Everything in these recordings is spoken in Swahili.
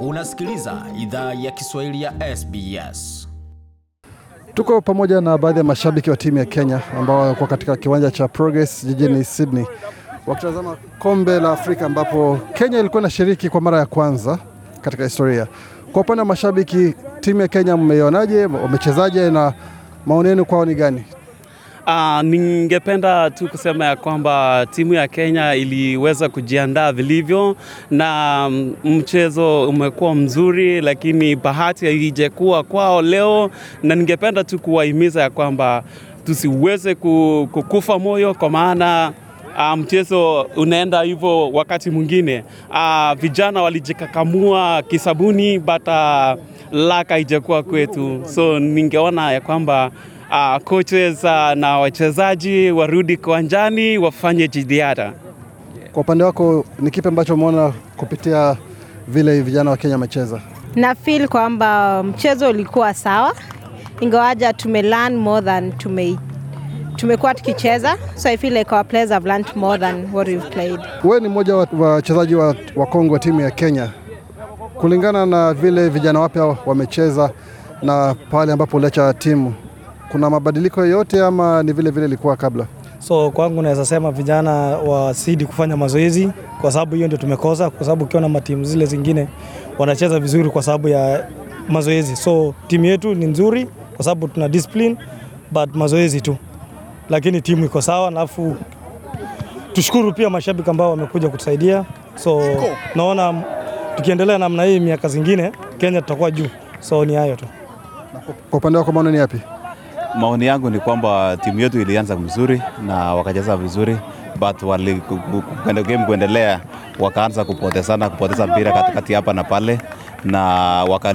Unasikiliza idhaa ya Kiswahili ya SBS. Tuko pamoja na baadhi ya mashabiki wa timu ya Kenya ambao walikuwa katika kiwanja cha Progress jijini Sydney wakitazama kombe la Afrika ambapo Kenya ilikuwa inashiriki kwa mara ya kwanza katika historia. Kwa upande wa mashabiki, timu ya Kenya mmeionaje? Wamechezaje na maoni yenu kwao ni gani? Uh, ningependa tu kusema ya kwamba timu ya Kenya iliweza kujiandaa vilivyo na mm, mchezo umekuwa mzuri, lakini bahati haijakuwa kwao leo, na ningependa tu kuwahimiza ya kwamba tusiweze kukufa moyo kwa maana Uh, mchezo unaenda hivyo wakati mwingine. Uh, vijana walijikakamua kisabuni, bata laka haijakuwa kwetu, so ningeona ya kwamba uh, ah, coaches uh, na wachezaji warudi kiwanjani wafanye jidiada. Kwa upande wako ni kipi ambacho umeona kupitia vile vijana wa Kenya wamecheza? Na feel kwamba mchezo ulikuwa sawa, ingawaja tume learn more than tume tumekuwa tukicheza, so I feel like our players have learned more than what we've played. Wewe ni mmoja wa wachezaji wa kongo wa timu ya Kenya, kulingana na vile vijana wapya wamecheza na pale ambapo uliacha timu kuna mabadiliko yoyote ama ni vile vile ilikuwa kabla? So kwangu naweza sema vijana wasidi kufanya mazoezi, kwa sababu hiyo ndio tumekosa, kwa sababu ukiona matimu zile zingine wanacheza vizuri kwa sababu ya mazoezi. So timu yetu ni nzuri kwa sababu tuna discipline, but mazoezi tu, lakini timu iko sawa. Alafu tushukuru pia mashabiki ambao wamekuja kutusaidia. So naona tukiendelea namna hii miaka zingine Kenya tutakuwa juu. So ni hayo tu. Kwa upande wako maana ni yapi? Maoni yangu ni kwamba timu yetu ilianza mzuri na wakacheza vizuri, but wali game kuendelea, wakaanza kupotezana, kupoteza mpira katikati hapa na pale, na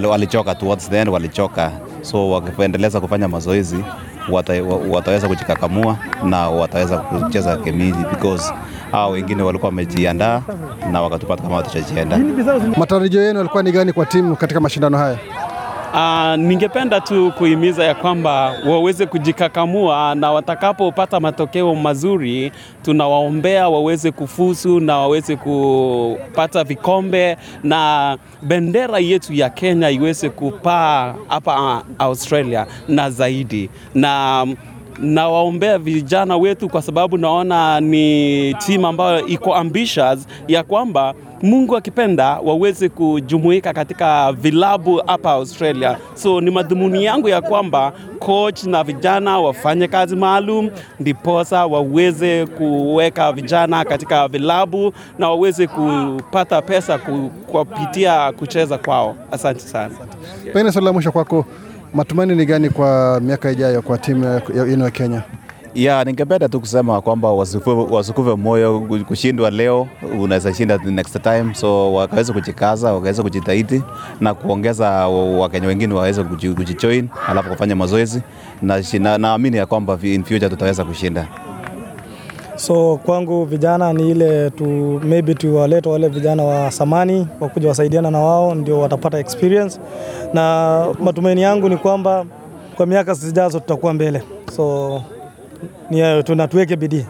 walichoka towards the end, walichoka. So wakiendeleza kufanya mazoezi wata, wataweza kujikakamua na wataweza kucheza game hii because hao wengine walikuwa wamejiandaa na wakatupata kama watachajiandaa. Matarajio yenu yalikuwa ni gani kwa timu katika mashindano haya? Uh, ningependa tu kuhimiza ya kwamba waweze kujikakamua na watakapopata matokeo mazuri, tunawaombea waweze kufuzu na waweze kupata vikombe na bendera yetu ya Kenya iweze kupaa hapa ah, Australia na zaidi na nawaombea vijana wetu, kwa sababu naona ni timu ambayo iko ambitious ya kwamba Mungu akipenda waweze kujumuika katika vilabu hapa Australia. So ni madhumuni yangu ya kwamba coach na vijana wafanye kazi maalum, ndiposa waweze kuweka vijana katika vilabu na waweze kupata pesa kupitia kucheza kwao. Asante sana. Pengine swali la mwisho kwako matumaini ni gani kwa miaka ijayo kwa timu yenu ya Kenya? Ya, ningependa tu kusema kwamba wasukuve moyo kushindwa leo, unaweza shinda next time, so wakaweza kujikaza, wakaweza kujitahidi na kuongeza wakenya wengine waweze kujijoin, alafu kufanya mazoezi, na naamini ya kwamba in future tutaweza kushinda. So kwangu vijana ni ile tu, maybe tuwalete wale vijana wa samani wakuja wasaidiana na wao, ndio watapata experience, na matumaini yangu ni kwamba kwa miaka zijazo tutakuwa mbele, so ni tuweke bidii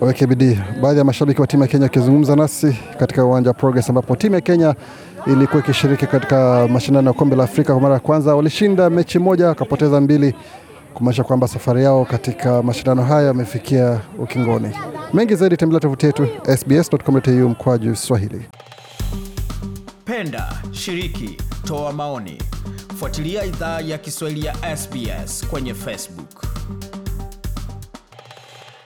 waweke bidii. Baadhi ya mashabiki wa timu ya Kenya wakizungumza nasi katika uwanja wa Progress ambapo timu ya Kenya ilikuwa ikishiriki katika mashindano ya kombe la Afrika kwa mara ya kwanza. Walishinda mechi moja wakapoteza mbili kumaanisha kwamba safari yao katika mashindano haya yamefikia ukingoni. Mengi zaidi, tembelea tovuti yetu sbs.com.au mkwaju Swahili. Penda, shiriki, toa maoni, fuatilia idhaa ya Kiswahili ya SBS kwenye Facebook.